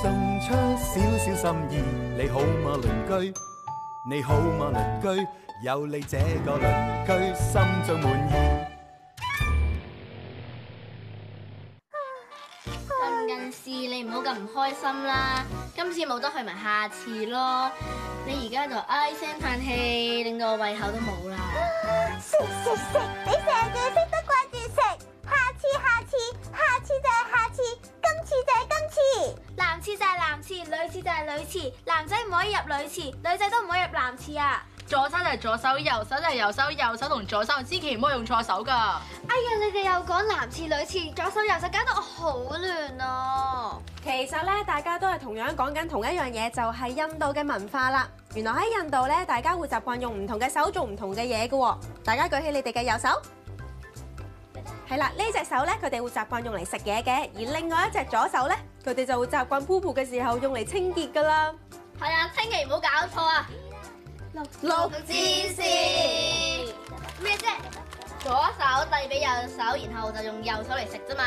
送出少少小心意，你好嗎鄰居？你好嗎鄰居？有你這個鄰居，心中滿意。近近事，啊、你唔好咁唔開心啦。今次冇得去，咪下次咯。你而家就唉聲嘆氣，令到我胃口都冇啦。食食食，你成日食得掛住食，下次下次，下次就係下下次。男廁就係男廁，女廁就係女廁，男仔唔可以入女廁，女仔都唔可以入男廁啊！左手就係左手，右手就係右手，右手同左手，千祈唔好用錯手噶哎呀，你哋又講男廁女廁，左手右手搞到我好亂啊！其實咧，大家都係同樣講緊同一樣嘢，就係印度嘅文化啦。原來喺印度咧，大家會習慣用唔同嘅手做唔同嘅嘢噶。大家舉起你哋嘅右手。係啦，呢隻手咧，佢哋會習慣用嚟食嘢嘅；而另外一隻左手咧，佢哋就會習慣 poop 嘅時候用嚟清潔噶啦。係啊，千祈唔好搞錯啊！六字是咩啫？左手遞俾右手，然後就用右手嚟食啫嘛。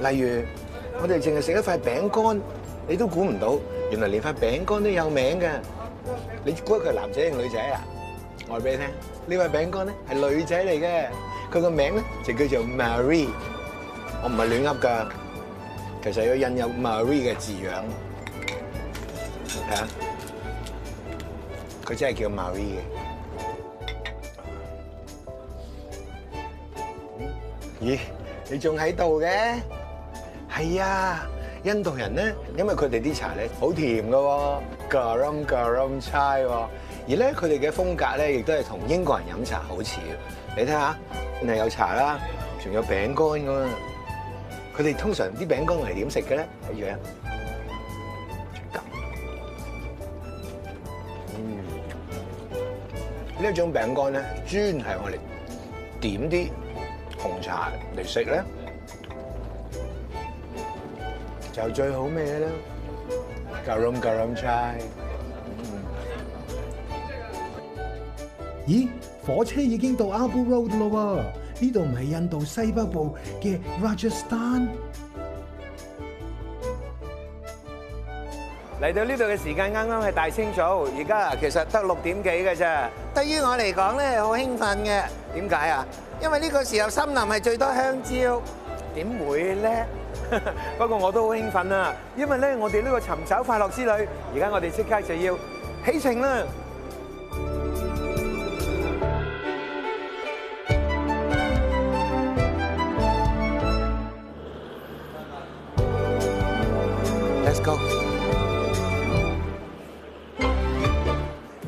例如我哋淨係食一塊餅乾，你都估唔到，原來連塊餅乾都有名㗎。你估佢係男仔定女仔啊？我話俾你聽，呢塊餅乾咧係女仔嚟嘅，佢個名咧就叫做 Marie。我唔係亂噏噶，其實有印有 Marie 嘅字樣。睇下，佢真係叫 Marie 嘅。咦？你仲喺度嘅？係啊，印度人咧，因為佢哋啲茶咧好甜㗎喎，garam garam chai 喎，芥末芥末而咧佢哋嘅風格咧，亦都係同英國人飲茶好似。你睇下，係有茶啦，仲有餅乾咁啊。佢哋通常啲餅乾係點食嘅咧？一樣。咁呢一種餅乾咧，專係我哋點啲紅茶嚟食咧。就最好咩啦，咖隆咖隆差。咦，火車已經到阿布羅德咯喎，呢度唔係印度西北部嘅拉賈斯坦。嚟到呢度嘅時間啱啱係大清早，而家其實得六點幾嘅啫。對於我嚟講咧，好興奮嘅。點解啊？因為呢個時候森林係最多香蕉。點會咧？不過我都好興奮啊，因為咧，我哋呢個尋找快樂之旅，而家我哋即刻就要起程啦！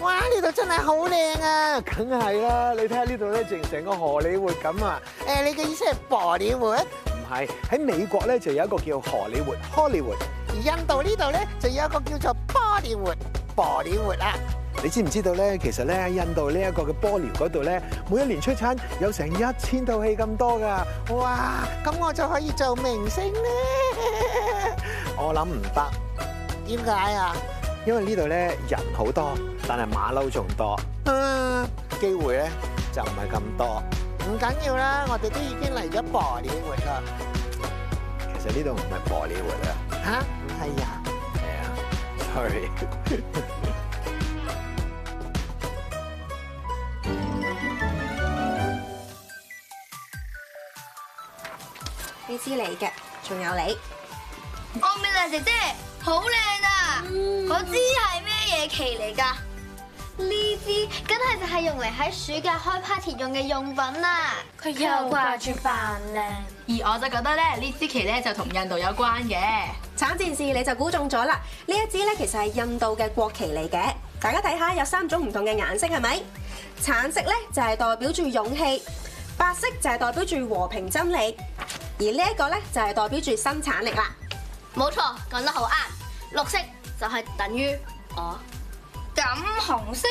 哇！呢度真係好靚啊，梗係啦！你睇下呢度咧，淨成個荷里活咁啊！誒，你嘅意思係波里活？唔係，喺美國咧，就有一個叫荷里活 （Hollywood），而印度呢度咧，就有一個叫做波里活 （Bollywood） 啊！你知唔知道咧？其實咧，印度呢一個嘅波里活嗰度咧，每一年出產有成一千套戲咁多㗎。哇！咁我就可以做明星咧？我諗唔得，點解啊？因為呢度咧，人好多。但係馬騮仲多，機會咧就唔係咁多。唔緊要啦，我哋都已經嚟咗寶萊塢啦。其實呢度唔係寶萊塢啦。嚇？係啊。係啊。Sorry 。呢支你嘅，仲有你。愛美麗姐姐好靚啊、mm！Hmm、我知係咩嘢旗嚟㗎？呢支梗係就係用嚟喺暑假開 party 用嘅用品啦，佢又掛住扮靚。而我就覺得咧，呢支旗咧就同印度有關嘅。橙戰士你就估中咗啦，呢一支咧其實係印度嘅國旗嚟嘅。大家睇下有三種唔同嘅顏色係咪？橙色咧就係代表住勇氣，白色就係代表住和平真理，而呢一個咧就係代表住生產力啦。冇錯，講得好啱。綠色就係等於我。咁紅色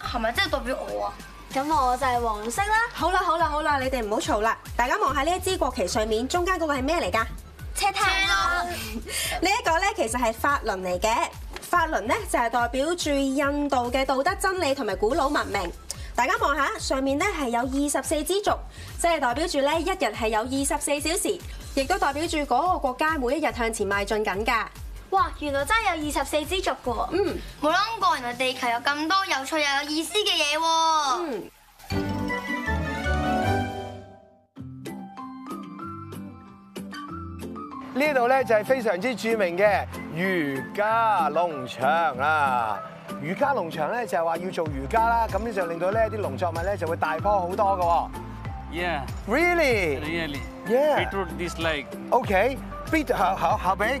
係咪即係代表我啊？咁我就係黃色啦。好啦好啦好啦，你哋唔好嘈啦。大家望下呢一支國旗上面中間嗰廳車了 個係咩嚟噶？車廳咯。呢一個咧其實係法輪嚟嘅，法輪咧就係代表住印度嘅道德真理同埋古老文明。大家望下上面咧係有二十四支族，即係代表住咧一日係有二十四小時，亦都代表住嗰個國家每一日向前邁進緊噶。哇，原來真係有二十四支族嘅喎。嗯。冇諗過，原來地球有咁多有趣又有意思嘅嘢喎。嗯。呢度咧就係非常之著名嘅瑜伽農場啦。瑜伽農場咧就係話要做瑜伽啦，咁呢就令到呢啲農作物咧就會大棵好多嘅。Yeah. Really. Really. Yeah. Okay. Okay.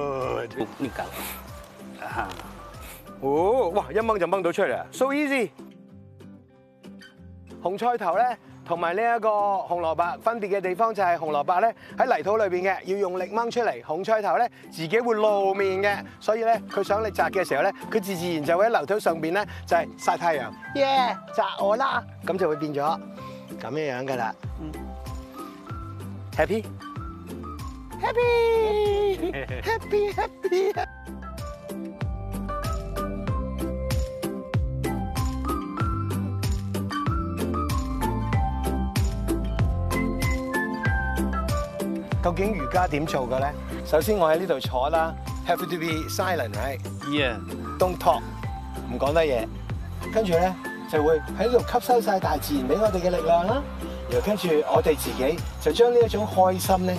呢嚿，啊，哦，哇，一掹就掹到出嚟啊，so easy。紅菜頭咧，同埋呢一個紅蘿蔔分別嘅地方就係紅蘿蔔咧喺泥土裏邊嘅，要用力掹出嚟。紅菜頭咧自己會露面嘅，所以咧佢想你摘嘅時候咧，佢自自然就會喺樓梯上邊咧就係曬太陽，yeah，摘我啦，咁就會變咗咁樣樣噶啦。Happy，happy。Happy, happy。究竟瑜伽點做嘅咧？首先我喺呢度坐啦，Happy to be silent，係？Yeah，don't talk，唔講得嘢。跟住咧就會喺度吸收曬大自然俾我哋嘅力量啦。然後跟住我哋自己就將呢一種開心咧、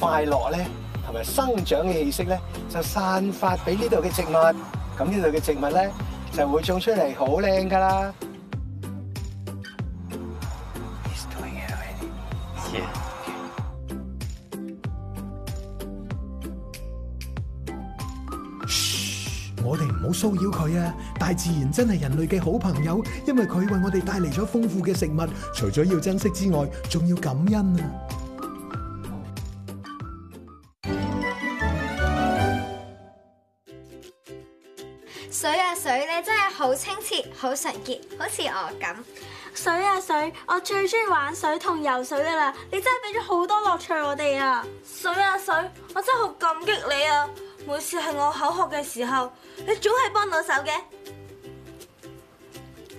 快樂咧。同埋生長嘅氣息咧，就散發俾呢度嘅植物，咁呢度嘅植物咧，就會種出嚟好靚噶啦。嘘，我哋唔好騷擾佢啊！大自然真係人類嘅好朋友，因為佢為我哋帶嚟咗豐富嘅食物，除咗要珍惜之外，仲要感恩啊！水啊水，你真係好清澈，好純潔，好似我咁。水啊水，我最中意玩水同游水噶啦，你真係俾咗好多樂趣我哋啊。水啊水，水，我真係好感激你啊！每次係我口渴嘅時候，你總係幫到手嘅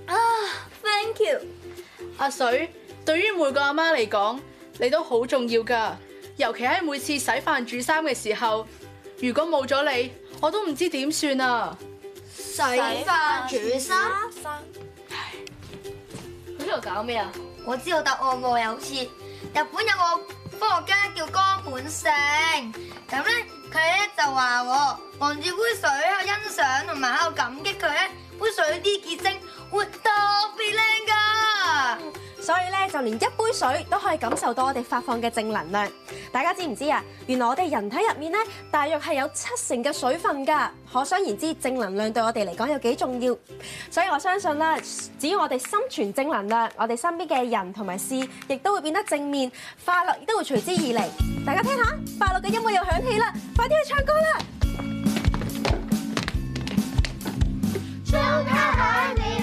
啊。Thank you，阿水，對於每個阿媽嚟講，你都好重要噶。尤其喺每次洗飯煮衫嘅時候，如果冇咗你，我都唔知點算啊。.水化煮生，佢呢度搞咩啊？我知道答案喎，又好似日本有個科學家叫江本勝，咁咧佢咧就話我望住杯水喺度欣賞，同埋喺度感激佢咧，杯水啲結晶會特別靚㗎，所以咧就連一杯水都可以感受到我哋發放嘅正能量。大家知唔知啊？原來我哋人體入面咧，大約係有七成嘅水分㗎。可想而知，正能量對我哋嚟講有幾重要。所以我相信啦，只要我哋心存正能量，我哋身邊嘅人同埋事，亦都會變得正面，快樂亦都會隨之而嚟。大家聽下，快樂嘅音樂又響起啦，快啲去唱歌啦！唱響了。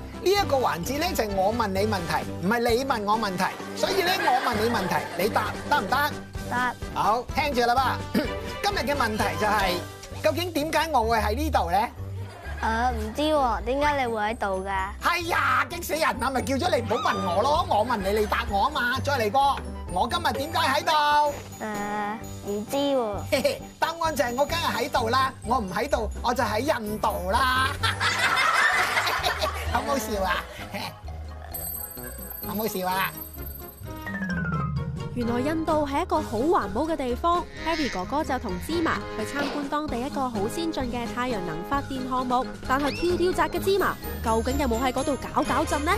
呢一個環節咧就係我問你問題，唔係你問我問題，所以咧我問你問題，你答得唔得？得。好，聽住啦吧。今日嘅問題就係，究竟點解我會喺呢度咧？誒，唔知喎，點解你會喺度㗎？係呀，激死人啊！咪叫咗你唔好問我咯，我問你你答我啊嘛。再嚟過，我今日點解喺度？誒，唔知喎。答案就係我梗係喺度啦，我唔喺度，我就喺印度啦。好唔好笑啊！好唔好笑啊！原來印度係一個好環保嘅地方，Harry 哥哥就同芝麻去參觀當地一個好先進嘅太陽能發電項目，但係跳跳紮嘅芝麻究竟有冇喺嗰度搞搞震呢？